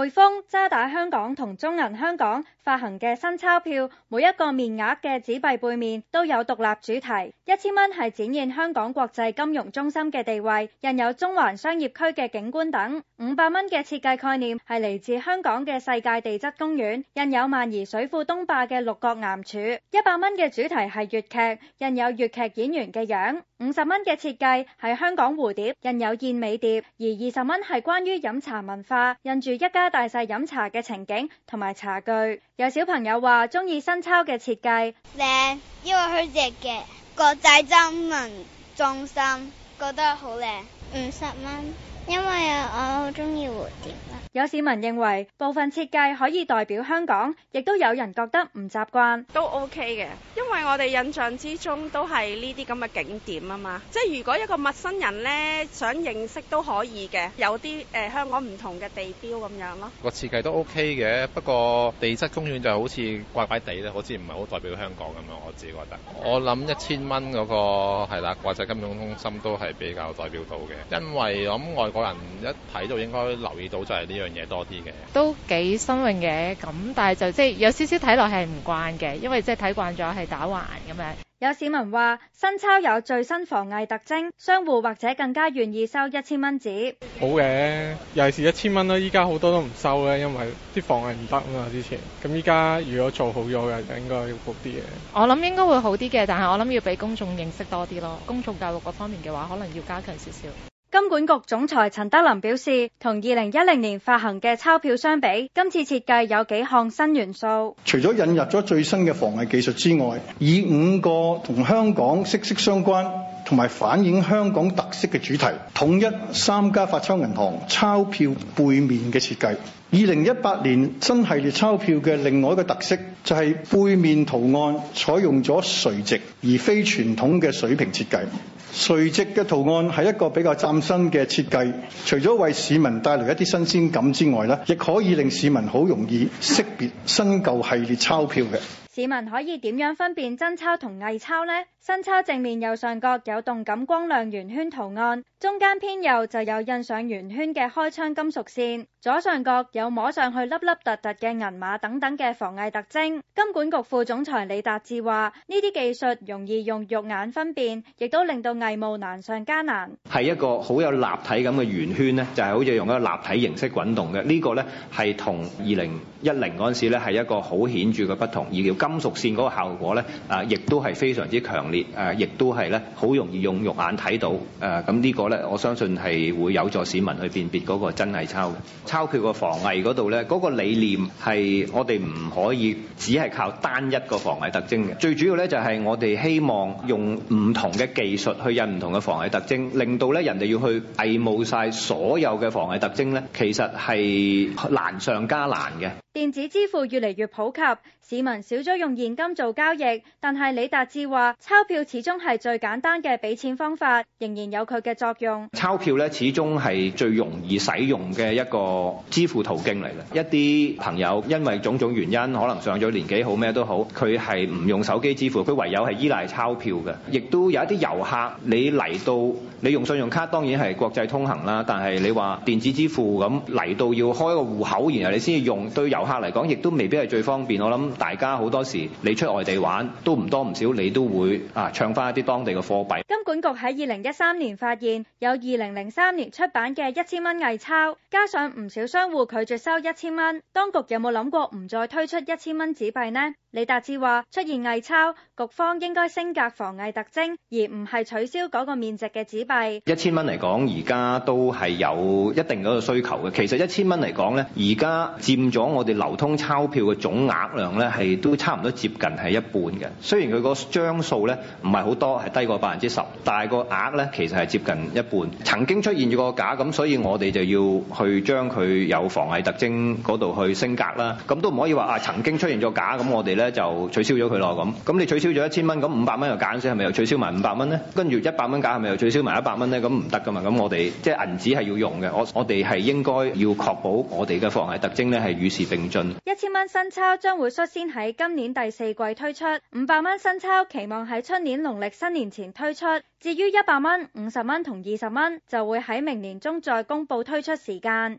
匯豐、渣打香港同中銀香港發行嘅新鈔票，每一個面額嘅紙幣背面都有獨立主題。一千蚊係展現香港國際金融中心嘅地位，印有中環商業區嘅景觀等。五百蚊嘅設計概念係嚟自香港嘅世界地質公園，印有萬宜水庫東壩嘅六角岩柱。一百蚊嘅主題係粵劇，印有粵劇演員嘅樣。五十蚊嘅設計係香港蝴蝶，印有燕尾蝶；而二十蚊係關於飲茶文化，印住一家大細飲茶嘅情景同埋茶具。有小朋友話中意新鈔嘅設計靚，因為佢只嘅國際金融中心覺得好靚。五十蚊。因為我好中意蝴蝶。有市民認為部分設計可以代表香港，亦都有人覺得唔習慣。都 OK 嘅，因為我哋印象之中都係呢啲咁嘅景點啊嘛。即係如果一個陌生人呢，想認識都可以嘅，有啲誒、呃、香港唔同嘅地標咁樣咯。個設計都 OK 嘅，不過地質公園就好似怪怪地咧，好似唔係好代表香港咁樣，我自己覺得。Okay. 我諗一千蚊嗰個係啦，國際金融中心都係比較代表到嘅，因為咁我個人一睇到應該留意到就係呢樣嘢多啲嘅，都幾新穎嘅。咁但係就即係、就是、有少少睇落係唔慣嘅，因為即係睇慣咗係打橫咁樣。有市民話：新鈔有最新防偽特徵，商戶或者更加願意收一千蚊紙。好嘅，尤其是一千蚊啦。依家好多都唔收咧，因為啲防偽唔得啊嘛。之前咁依家如果做好咗嘅，應該要好啲嘅。我諗應該會好啲嘅，但係我諗要俾公眾認識多啲咯。公眾教育嗰方面嘅話，可能要加強少少。金管局總裁陳德霖表示，同二零一零年發行嘅鈔票相比，今次設計有幾項新元素。除咗引入咗最新嘅防偽技術之外，以五個同香港息息相關同埋反映香港特色嘅主題，統一三家發鈔銀行鈔票背面嘅設計。二零一八年新系列鈔票嘅另外一個特色，就係背面圖案採用咗垂直而非傳統嘅水平設計。垂直嘅圖案係一個比較嶄新嘅設計，除咗為市民帶來一啲新鮮感之外，咧亦可以令市民好容易識別新舊系列鈔票嘅。市民可以點樣分辨真鈔同偽鈔呢？新鈔正面右上角有動感光亮圓圈圖案，中間偏右就有印上圓圈嘅開窗金屬線，左上角有摸上去凹凹凸凸嘅銀碼等等嘅防偽特徵。金管局副總裁李達志話：呢啲技術容易用肉眼分辨，亦都令到偽冒難上加難。係一個好有立體咁嘅圓圈呢就係、是、好似用一個立體形式滾動嘅。呢、這個呢係同二零一零嗰陣時咧係一個好顯著嘅不同，而要。金屬線嗰個效果咧，啊，亦都係非常之強烈，誒，亦都係咧好容易用肉眼睇到，誒，咁呢個咧，我相信係會有助市民去辨別嗰個真偽鈔嘅。鈔票個防偽嗰度咧，嗰個理念係我哋唔可以只係靠單一個防偽特徵嘅，最主要咧就係我哋希望用唔同嘅技術去印唔同嘅防偽特徵，令到咧人哋要去偽冒曬所有嘅防偽特徵咧，其實係難上加難嘅。電子支付越嚟越普及，市民少咗用現金做交易。但係李達志話，鈔票始終係最簡單嘅俾錢方法，仍然有佢嘅作用。鈔票咧，始終係最容易使用嘅一個支付途徑嚟嘅。一啲朋友因為種種原因，可能上咗年紀，好咩都好，佢係唔用手機支付，佢唯有係依賴鈔票嘅。亦都有一啲遊客，你嚟到你用信用卡當然係國際通行啦，但係你話電子支付咁嚟到要開個戶口，然後你先至用對遊。遊客嚟講，亦都未必係最方便。我諗大家好多時，你出外地玩都唔多唔少，你都會啊，唱翻一啲當地嘅貨幣。金管局喺二零一三年發現有二零零三年出版嘅一千蚊偽鈔，加上唔少商戶拒絕收一千蚊。當局有冇諗過唔再推出一千蚊紙幣呢？李達志話：出現偽鈔，局方應該升格防偽特徵，而唔係取消嗰個面值嘅紙幣。一千蚊嚟講，而家都係有一定嗰個需求嘅。其實一千蚊嚟講呢，而家佔咗我哋。流通鈔票嘅總額量咧係都差唔多接近係一半嘅，雖然佢個張數咧唔係好多，係低過百分之十，但係個額咧其實係接近一半。曾經出現咗個假，咁所以我哋就要去將佢有防偽特徵嗰度去升格啦。咁都唔可以話啊，曾經出現咗假，咁我哋咧就取消咗佢咯。咁咁你取消咗一千蚊，咁五百蚊又假，所以係咪又取消埋五百蚊咧？跟住一百蚊假，係咪又取消埋一百蚊咧？咁唔得噶嘛。咁我哋即係銀紙係要用嘅，我我哋係應該要確保我哋嘅防偽特徵咧係與時並。一千蚊新鈔將會率先喺今年第四季推出，五百蚊新鈔期望喺春年農曆新年前推出，至於一百蚊、五十蚊同二十蚊就會喺明年中再公布推出時間。